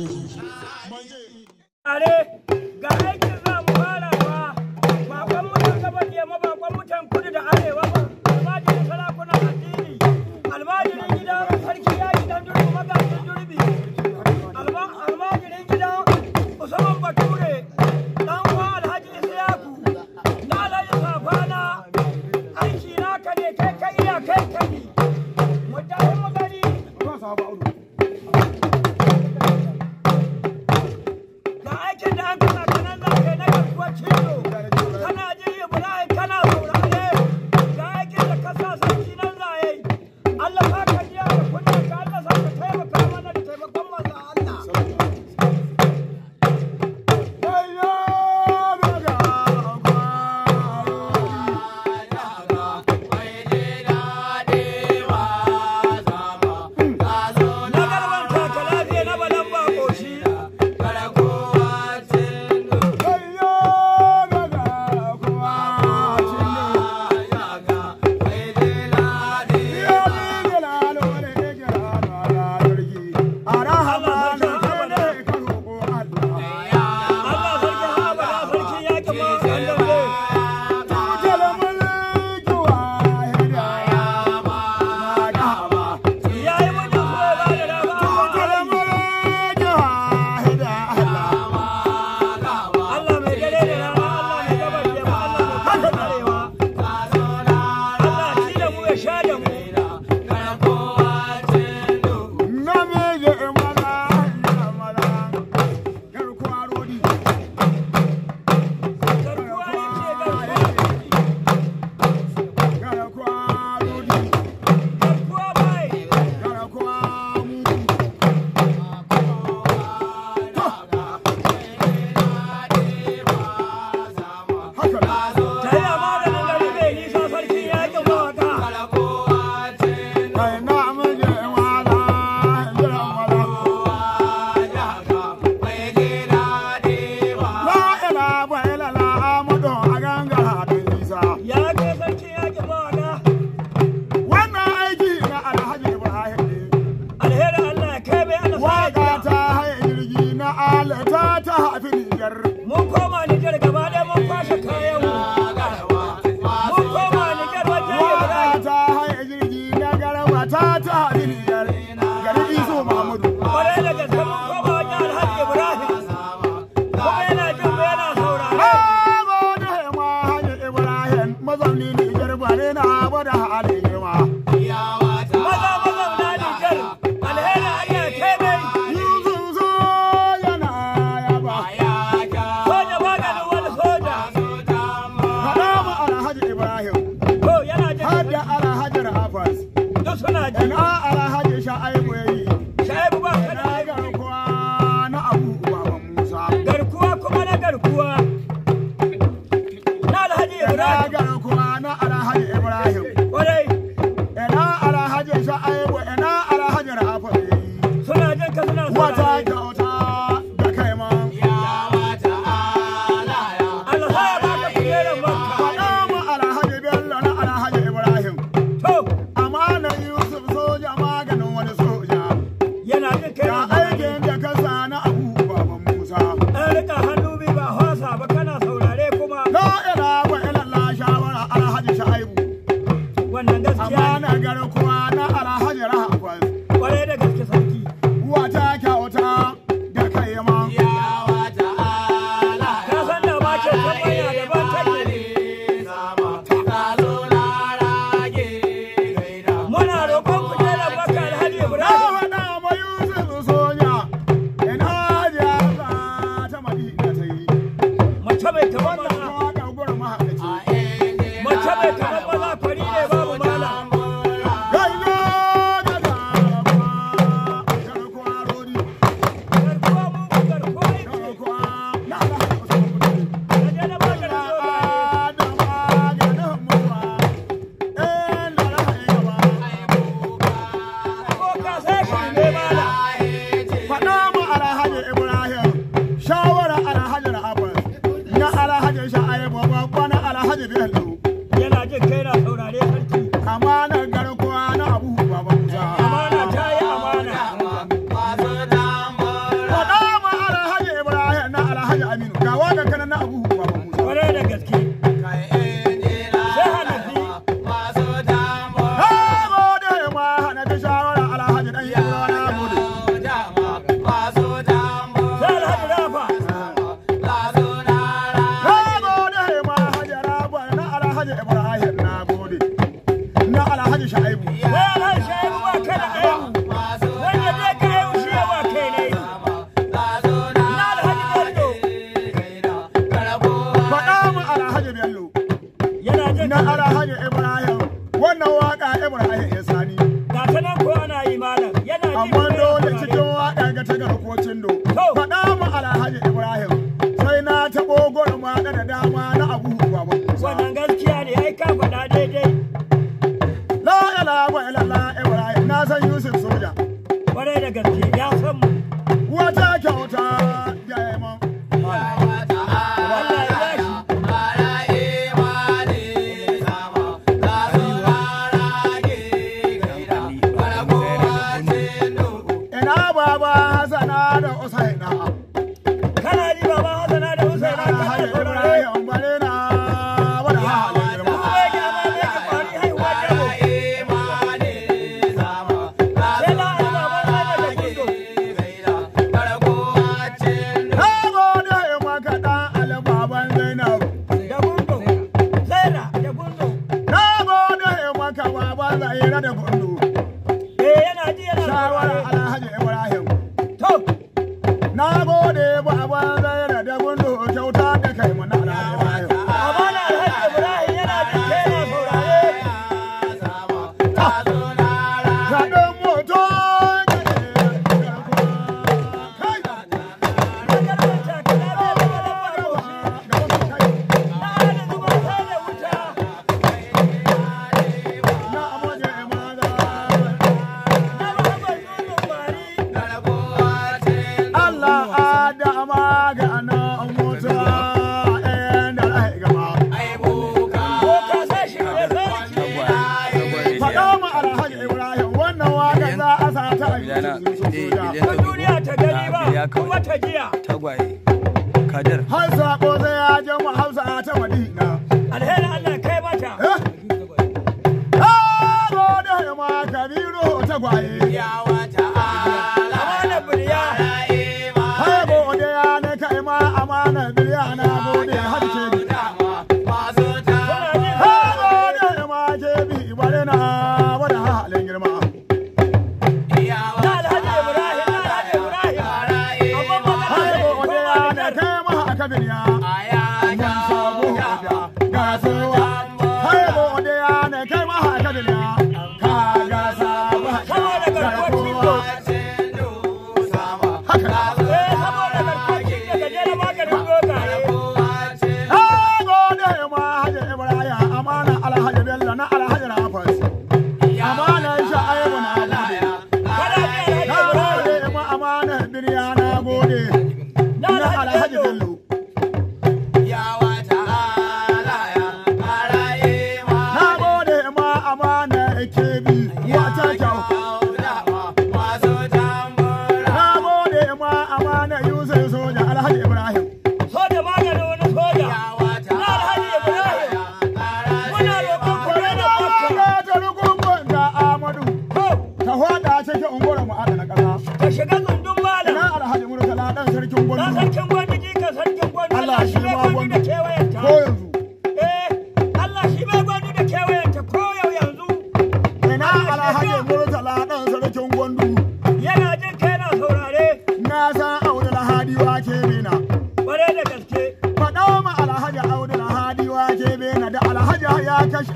shehi. Are ga Thank you. haka a ta a duniya ta gani kuma ta jiya har sako zai ya je mu hausa a ta madina alheri Allah kai mata da eh.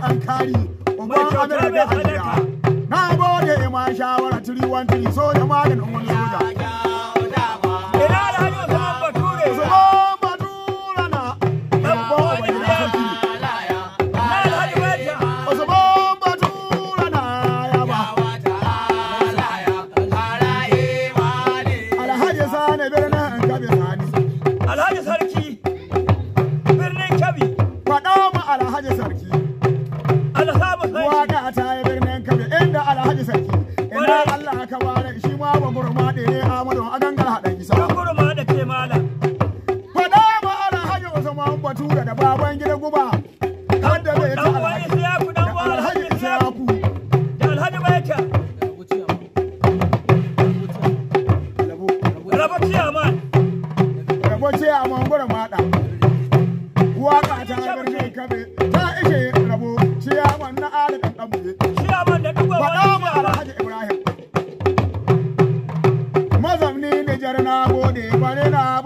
alkari uba amir da hajjira na gode ma shawara 313 so da maganin wani soja gire amadu a gangar haɗa isa gurma da ke mala ma ala hajji wasu ma'an batu da baban gida guba kada da ya ta alhaji isiyaku da alhaji baika rabo ciyaman rabo ciyaman ma da waka ta birnin kabe ta ishe rabo ciyaman na alaƙan ɗan buɗe ciyaman da duk de Guarará,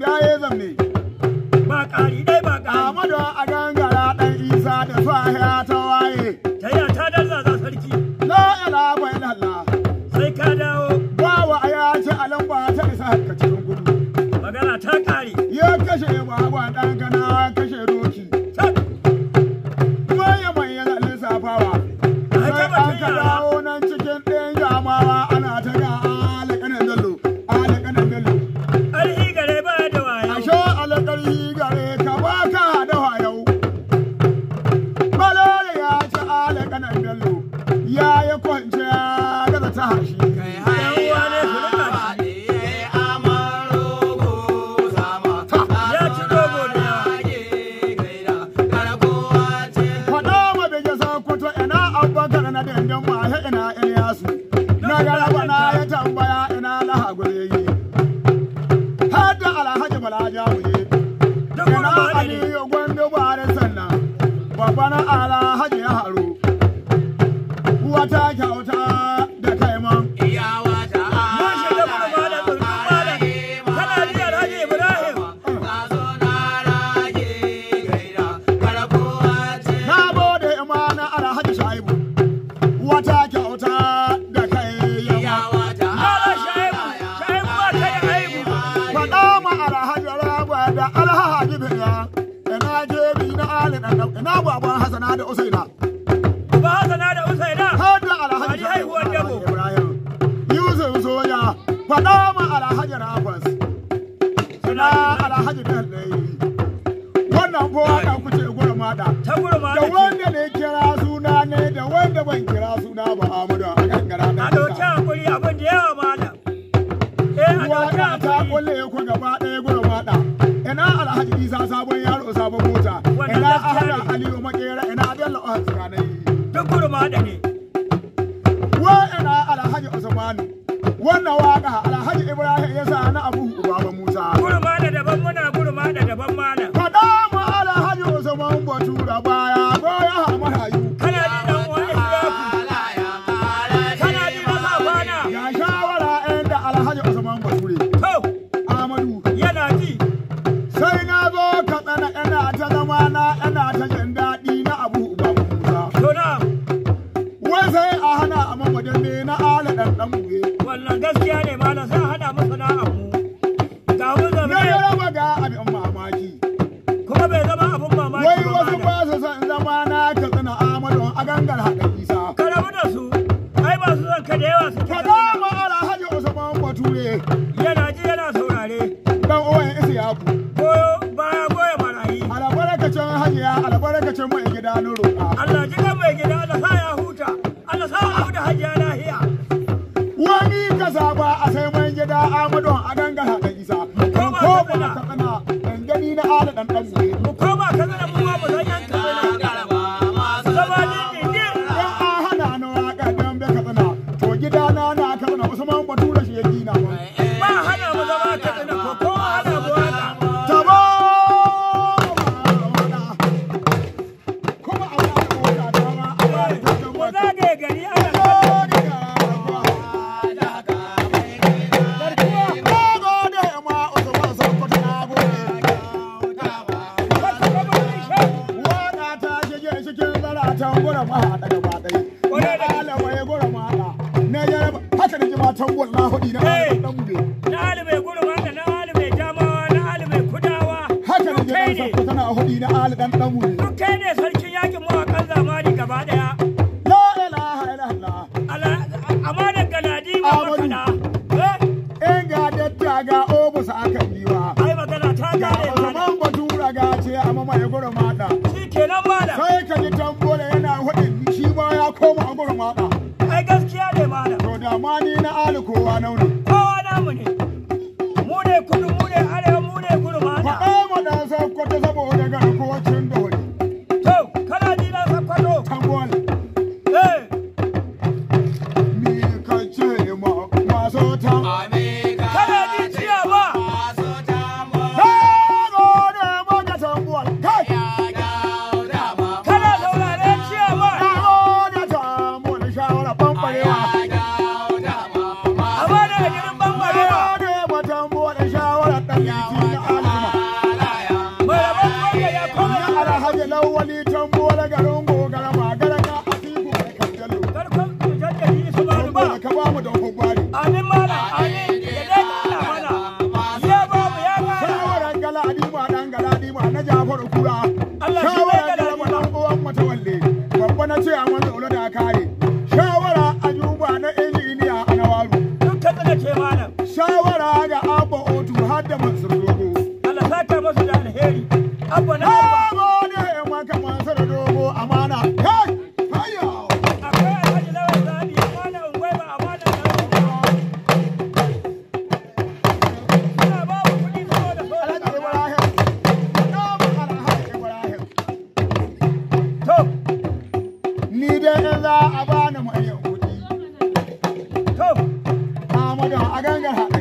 subir a amigo. babana ala ya haru Deus. haɗa gaba da alama ya gora ma na ya haka da jima hudi na ɗan gube na gora ma na alibai jamawa na alibai kudawa haka da jima tan na hudi na za a bani mai yahudi. To, Amadu a gangar haɗe.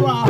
you are.